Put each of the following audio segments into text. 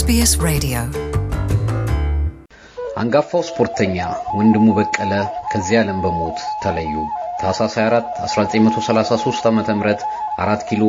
SBS Radio አንጋፋው ስፖርተኛ ወንድሙ በቀለ ከዚህ ዓለም በሞት ተለዩ። ታህሳስ 24 1933 ዓ.ም አራት ኪሎ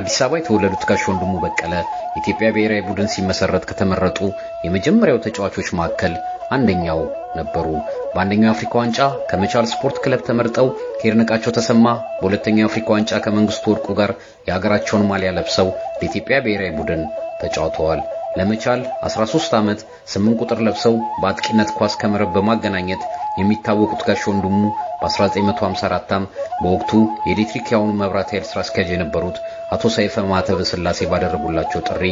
አዲስ አበባ የተወለዱት ጋሽ ወንድሙ በቀለ የኢትዮጵያ ብሔራዊ ቡድን ሲመሰረት ከተመረጡ የመጀመሪያው ተጫዋቾች መካከል አንደኛው ነበሩ። በአንደኛው የአፍሪካ ዋንጫ ከመቻል ስፖርት ክለብ ተመርጠው ከይድነቃቸው ተሰማ በሁለተኛው የአፍሪካ ዋንጫ ከመንግስቱ ወርቁ ጋር የሀገራቸውን ማሊያ ለብሰው ለኢትዮጵያ ብሔራዊ ቡድን ተጫውተዋል። ለመቻል 13 ዓመት 8 ቁጥር ለብሰው በአጥቂነት ኳስ ከመረብ በማገናኘት የሚታወቁት ጋሽ ወንድሙ በ1954 ዓ.ም በወቅቱ የኤሌክትሪክ ያሁኑ መብራት ኃይል ስራ አስኪያጅ የነበሩት አቶ ሰይፈ ማተበ ስላሴ ባደረጉላቸው ጥሪ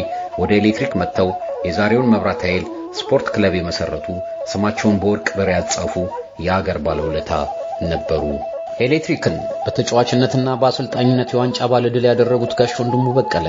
ወደ ኤሌክትሪክ መጥተው የዛሬውን መብራት ኃይል ስፖርት ክለብ የመሰረቱ ስማቸውን በወርቅ ብዕር ያጻፉ የአገር ባለውለታ ነበሩ። ኤሌክትሪክን በተጫዋችነትና በአሰልጣኝነት የዋንጫ ባለድል ያደረጉት ጋሽ ወንድሙ በቀለ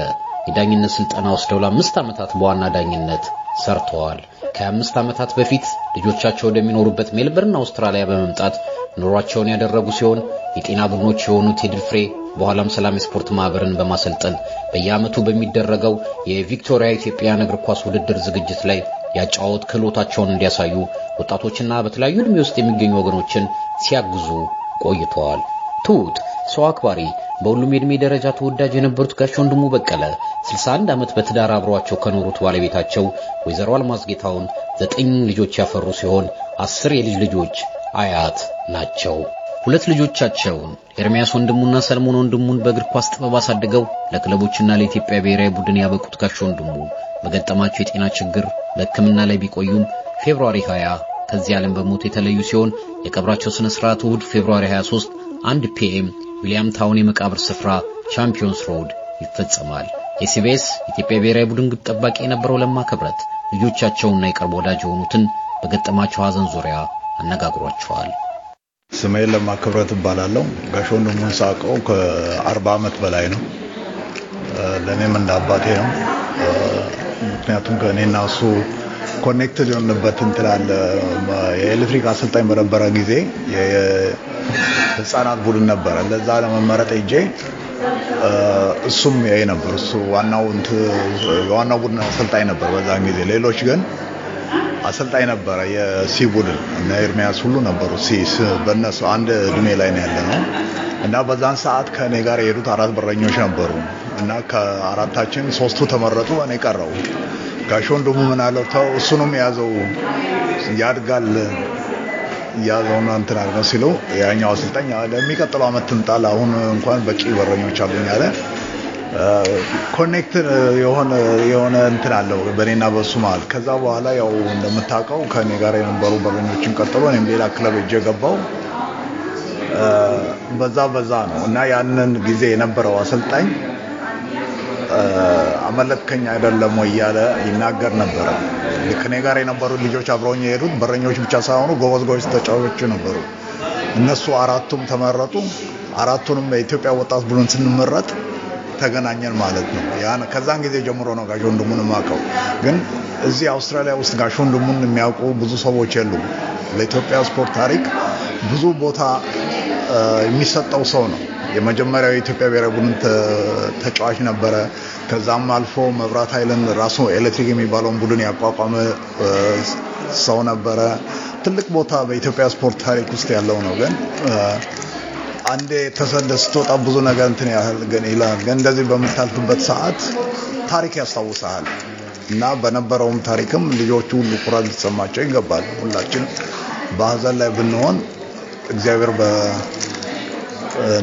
የዳኝነት ስልጠና ወስደው ለአምስት ዓመታት በዋና ዳኝነት ሰርተዋል። ከአምስት ዓመታት በፊት ልጆቻቸው ወደሚኖሩበት ሜልበርን አውስትራሊያ በመምጣት ኑሯቸውን ያደረጉ ሲሆን የጤና ቡድኖች የሆኑት የድል ፍሬ በኋላም ሰላም የስፖርት ማህበርን በማሰልጠን በየዓመቱ በሚደረገው የቪክቶሪያ ኢትዮጵያን እግር ኳስ ውድድር ዝግጅት ላይ ያጫወት ክህሎታቸውን እንዲያሳዩ ወጣቶችና በተለያዩ ዕድሜ ውስጥ የሚገኙ ወገኖችን ሲያግዙ ቆይተዋል። ትሁት ሰው አክባሪ፣ በሁሉም የዕድሜ ደረጃ ተወዳጅ የነበሩት ጋሽ ወንድሙ በቀለ 61 ዓመት በትዳር አብሯቸው ከኖሩት ባለቤታቸው ወይዘሮ አልማዝ ጌታውን ዘጠኝ ልጆች ያፈሩ ሲሆን አስር የልጅ ልጆች አያት ናቸው። ሁለት ልጆቻቸውን ኤርሚያስ ወንድሙና ሰለሞን ወንድሙን በእግር ኳስ ጥበብ አሳድገው ለክለቦችና ለኢትዮጵያ ብሔራዊ ቡድን ያበቁት ጋሽ ወንድሙ በገጠማቸው የጤና ችግር በሕክምና ላይ ቢቆዩም ፌብሩዋሪ 20 ከዚህ ዓለም በሞት የተለዩ ሲሆን የቀብራቸው ስነ ስርዓት እሁድ ፌብሩዋሪ 23 1 ፒኤም ዊሊያም ታውን የመቃብር ስፍራ ቻምፒዮንስ ሮድ ይፈጸማል። የሲቢኤስ ኢትዮጵያ ብሔራዊ ቡድን ግብ ጠባቂ የነበረው ለማ ክብረት ልጆቻቸውና የቅርብ ወዳጅ የሆኑትን በገጠማቸው ሀዘን ዙሪያ አነጋግሯቸዋል። ስሜ ለማ ክብረት እባላለሁ። ጋሽ ወንድሙን ሳውቀው ዓመት በላይ ነው። ለእኔም እንደ አባቴ ነው። ምክንያቱም ከእኔና እሱ ኮኔክትድ ሊሆንበት እንትላል የኤሌክትሪክ አሰልጣኝ በነበረ ጊዜ የህፃናት ቡድን ነበረ። ለዛ ለመመረጥ እጄ እሱም ይ ነበር። እሱ ዋናው ቡድን አሰልጣኝ ነበር በዛን ጊዜ። ሌሎች ግን አሰልጣኝ ነበረ። የሲ ቡድን እና ኤርሚያስ ሁሉ ነበሩ። ሲ በነሱ አንድ እድሜ ላይ ነው ያለ ነው እና በዛን ሰዓት ከእኔ ጋር የሄዱት አራት በረኞች ነበሩ እና ከአራታችን ሶስቱ ተመረጡ፣ እኔ ቀረው ጋሽ ወንድሙ ምን አለው? ተው እሱንም ያዘው ያድጋል ያዘውና እንትን አድርገው ሲለው ያኛው አሰልጣኝ ለሚቀጥለው ዓመት ትምጣል፣ አሁን እንኳን በቂ በረኞች አሉኝ አለ። ኮኔክት የሆነ የሆነ እንትን አለው በእኔና በሱ መሀል። ከዛ በኋላ ያው እንደምታውቀው ከኔ ጋር የነበሩ በረኞችን ቀጥሎ እኔም ሌላ ክለብ እጄ ገባው። በዛ በዛ ነው እና ያንን ጊዜ የነበረው አሰልጣኝ አመለጥከኝ አይደለም ወይ እያለ ይናገር ነበረ። ከኔ ጋር የነበሩ ልጆች አብረውኝ የሄዱት በረኞች ብቻ ሳይሆኑ ጎበዝ ጎበዝ ተጫዋቾች ነበሩ። እነሱ አራቱም ተመረጡ። አራቱንም የኢትዮጵያ ወጣት ብሎን ስንመረጥ ተገናኘን ማለት ነው። ያን ከዛን ጊዜ ጀምሮ ነው ጋሽ ወንድሙን የማውቀው። ግን እዚህ አውስትራሊያ ውስጥ ጋሽ ወንድሙን የሚያውቁ ብዙ ሰዎች የሉ ለኢትዮጵያ ስፖርት ታሪክ ብዙ ቦታ የሚሰጠው ሰው ነው። የመጀመሪያው የኢትዮጵያ ብሔራዊ ቡድን ተጫዋች ነበረ። ከዛም አልፎ መብራት ኃይልን ራሱ ኤሌክትሪክ የሚባለውን ቡድን ያቋቋመ ሰው ነበረ። ትልቅ ቦታ በኢትዮጵያ ስፖርት ታሪክ ውስጥ ያለው ነው። ግን አንዴ ተሰደ ስትወጣ ብዙ ነገር እንትን ያህል ግን ይላል። ግን እንደዚህ በምታልፍበት ሰዓት ታሪክ ያስታውሰሃል እና በነበረውም ታሪክም ልጆቹ ሁሉ ኩራት ሊሰማቸው ይገባል። ሁላችን በሀዘን ላይ ብንሆን እግዚአብሔር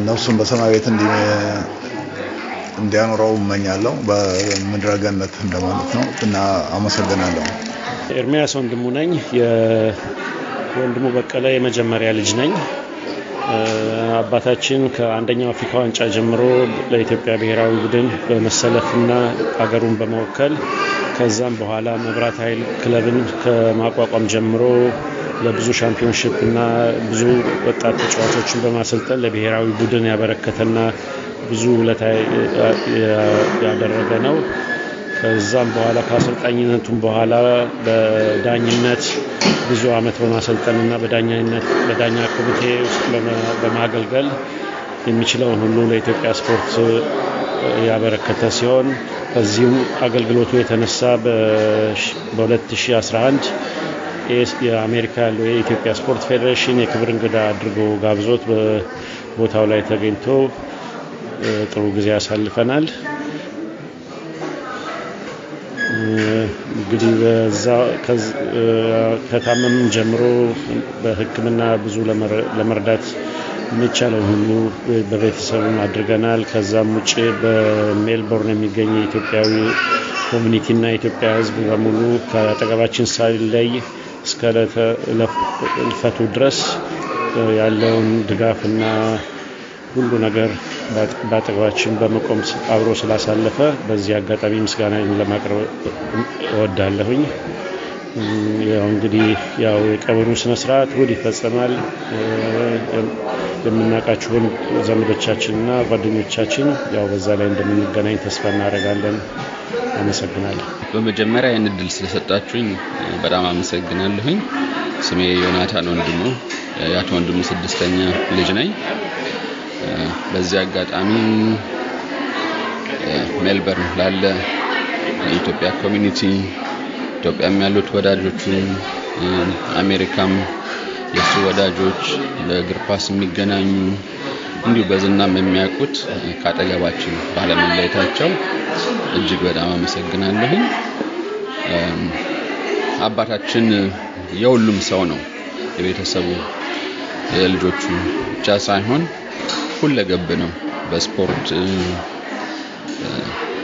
ነፍሱን በሰማይ ቤት እንዲያኖረው እመኛለሁ። በምድረገነት እንደማለት ነው እና አመሰግናለሁ። ኤርሚያስ ወንድሙ ነኝ። የወንድሙ በቀለ የመጀመሪያ ልጅ ነኝ። አባታችን ከአንደኛው አፍሪካ ዋንጫ ጀምሮ ለኢትዮጵያ ብሔራዊ ቡድን በመሰለፍና አገሩን በመወከል ከዛም በኋላ መብራት ኃይል ክለብን ከማቋቋም ጀምሮ ለብዙ ሻምፒዮንሽፕ እና ብዙ ወጣት ተጫዋቾችን በማሰልጠን ለብሔራዊ ቡድን ያበረከተና ብዙ ውለታ ያደረገ ነው። ከዛም በኋላ ከአሰልጣኝነቱም በኋላ በዳኝነት ብዙ አመት በማሰልጠን እና በዳኛ ኮሚቴ ውስጥ በማገልገል የሚችለውን ሁሉ ለኢትዮጵያ ስፖርት ያበረከተ ሲሆን ከዚህም አገልግሎቱ የተነሳ በ2011 የአሜሪካ ያለው የኢትዮጵያ ስፖርት ፌዴሬሽን የክብር እንግዳ አድርጎ ጋብዞት በቦታው ላይ ተገኝቶ ጥሩ ጊዜ አሳልፈናል። እንግዲህ በዛ ከታመም ጀምሮ በሕክምና ብዙ ለመርዳት የሚቻለው ሁሉ በቤተሰብም አድርገናል። ከዛም ውጭ በሜልቦርን የሚገኝ ኢትዮጵያዊ ኮሚኒቲ እና ኢትዮጵያ ሕዝብ በሙሉ ከአጠገባችን ሳይለይ እስከ ለፈቱ ድረስ ያለውን ድጋፍና ሁሉ ነገር በአጠገባችን በመቆም አብሮ ስላሳለፈ በዚህ አጋጣሚ ምስጋና ለማቅረብ እወዳለሁኝ። ያው እንግዲህ ያው የቀብሩ ስነስርዓት እሑድ ይፈጸማል። የምናውቃችሁን ዘመዶቻችንና ጓደኞቻችን ያው በዛ ላይ እንደምንገናኝ ተስፋ እናደርጋለን። አመሰግናለሁ። በመጀመሪያ ይህን እድል ስለሰጣችሁኝ በጣም አመሰግናለሁኝ። ስሜ ዮናታን ወንድሙ የአቶ ወንድሙ ስድስተኛ ልጅ ነኝ። በዚህ አጋጣሚ ሜልበርን ላለ የኢትዮጵያ ኮሚኒቲ ኢትዮጵያም ያሉት ወዳጆቹን አሜሪካም የእሱ ወዳጆች በእግር ኳስ የሚገናኙ እንዲሁ በዝናም የሚያውቁት ካጠገባችን ባለመለየታቸው እጅግ በጣም አመሰግናለሁኝ። አባታችን የሁሉም ሰው ነው፣ የቤተሰቡ የልጆቹ ብቻ ሳይሆን ሁለገብ ነው። በስፖርት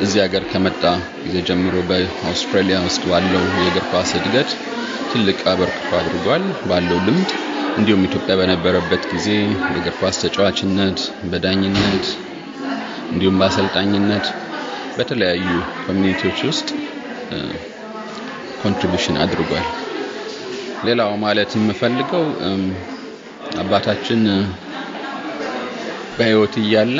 እዚህ ሀገር ከመጣ ጊዜ ጀምሮ በአውስትራሊያ ውስጥ ባለው የእግር ኳስ እድገት ትልቅ አበርክቶ አድርጓል ባለው ልምድ እንዲሁም ኢትዮጵያ በነበረበት ጊዜ የእግር ኳስ ተጫዋችነት፣ በዳኝነት እንዲሁም በአሰልጣኝነት በተለያዩ ኮሚኒቲዎች ውስጥ ኮንትሪቢሽን አድርጓል። ሌላው ማለት የምፈልገው አባታችን በህይወት እያለ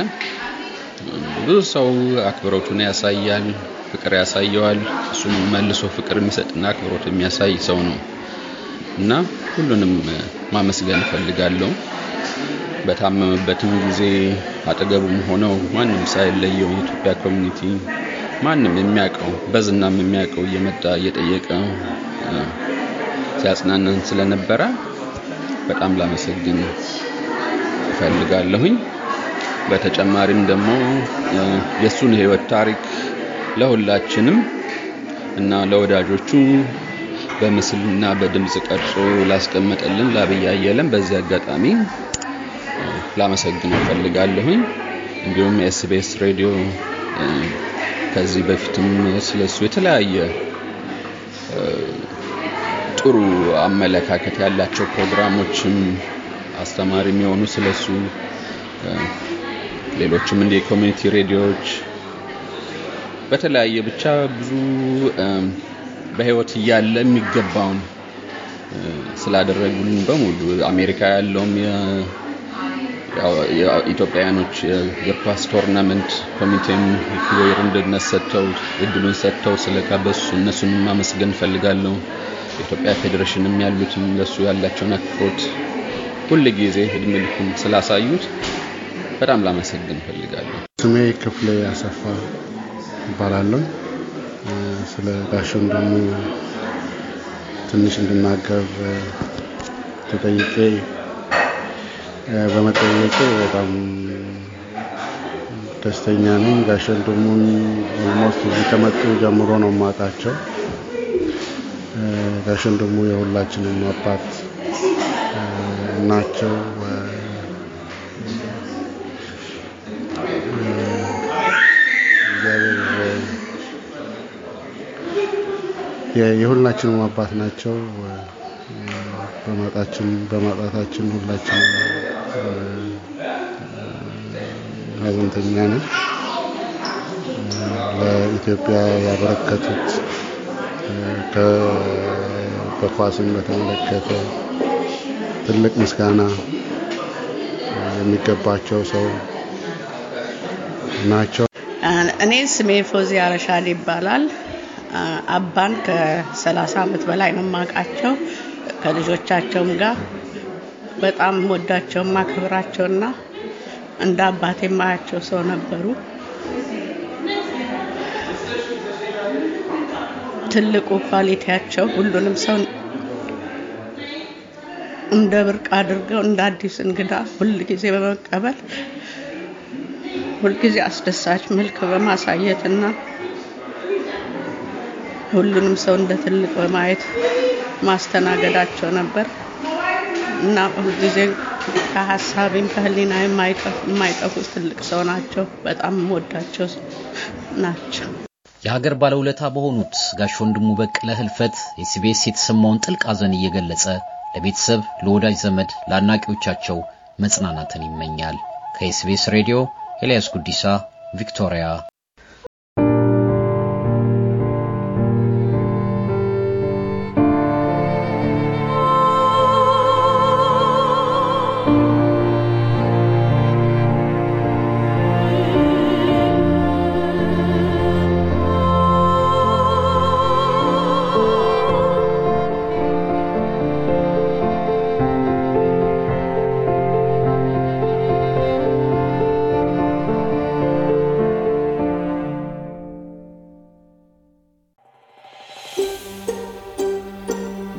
ብዙ ሰው አክብሮቱን ያሳያል፣ ፍቅር ያሳየዋል። እሱም መልሶ ፍቅር የሚሰጥና አክብሮት የሚያሳይ ሰው ነው። እና ሁሉንም ማመስገን እፈልጋለሁ። በታመመበትም ጊዜ አጠገቡም ሆነው ማንም ሳይለየው የኢትዮጵያ ኮሚኒቲ ማንም የሚያውቀው በዝናም የሚያውቀው እየመጣ እየጠየቀ ሲያጽናናን ስለነበረ በጣም ላመሰግን እፈልጋለሁኝ። በተጨማሪም ደግሞ የእሱን ህይወት ታሪክ ለሁላችንም እና ለወዳጆቹ በምስልና በድምፅ ቀርጾ ላስቀመጠልን ለአብይ አየለም በዚህ አጋጣሚ ላመሰግን እፈልጋለሁኝ። እንዲሁም ኤስቢኤስ ሬዲዮ ከዚህ በፊትም ስለሱ የተለያየ ጥሩ አመለካከት ያላቸው ፕሮግራሞችም አስተማሪ የሚሆኑ ስለሱ ሌሎችም እንደ ኮሚኒቲ ሬዲዮዎች በተለያየ ብቻ ብዙ በህይወት እያለ የሚገባውን ስላደረጉልን በሙሉ አሜሪካ ያለውም ኢትዮጵያውያኖች የእግር ኳስ ቶርናመንት ኮሚቴም ክብር እንድነት ሰጥተው እድሉን ሰጥተው ስለጋበሱ እነሱንም ማመስገን እፈልጋለሁ። ኢትዮጵያ ፌዴሬሽንም ያሉትም ለሱ ያላቸውን አክብሮት ሁል ጊዜ እድሜ ልኩም ስላሳዩት በጣም ላመሰግን እፈልጋለሁ። ስሜ ክፍሌ አሰፋ ይባላለሁ። ስለ ጋሾም ደግሞ ትንሽ እንድናገር ተጠይቄ በመጠየቄ በጣም ደስተኛ ነኝ። ጋሽ ወንድሙን ኦልሞስት እዚህ ከመጡ ጀምሮ ነው የማውቃቸው። ጋሽ ወንድሙ የሁላችንም አባት ናቸው። የሁላችንም አባት ናቸው። በማጣችን በማጣታችን ሁላችን ሀዘንተኛ ነን። ለኢትዮጵያ ያበረከቱት በኳስን በተመለከተ ትልቅ ምስጋና የሚገባቸው ሰው ናቸው። እኔ ስሜ ፎዚ አረሻል ይባላል። አባን ከሰላሳ ዓመት በላይ ነው የማውቃቸው። ከልጆቻቸውም ጋር በጣም ወዳቸው ማክብራቸውና እንደ አባቴ የማያቸው ሰው ነበሩ። ትልቁ ኳሊቲያቸው ሁሉንም ሰው እንደ ብርቅ አድርገው እንደ አዲስ እንግዳ ሁልጊዜ በመቀበል ሁልጊዜ አስደሳች መልክ በማሳየትና ሁሉንም ሰው እንደ ትልቅ በማየት ማስተናገዳቸው ነበር እና ሁልጊዜ ከሀሳቢም ከህሊና የማይጠፉት ትልቅ ሰው ናቸው። በጣም ወዳቸው ናቸው። የሀገር ባለውለታ በሆኑት ጋሽ ወንድሙ በቀለ ህልፈት ኤስቢኤስ የተሰማውን ጥልቅ ሀዘን እየገለጸ ለቤተሰብ፣ ለወዳጅ ዘመድ፣ ለአድናቂዎቻቸው መጽናናትን ይመኛል። ከኤስቢኤስ ሬዲዮ ኤልያስ ጉዲሳ ቪክቶሪያ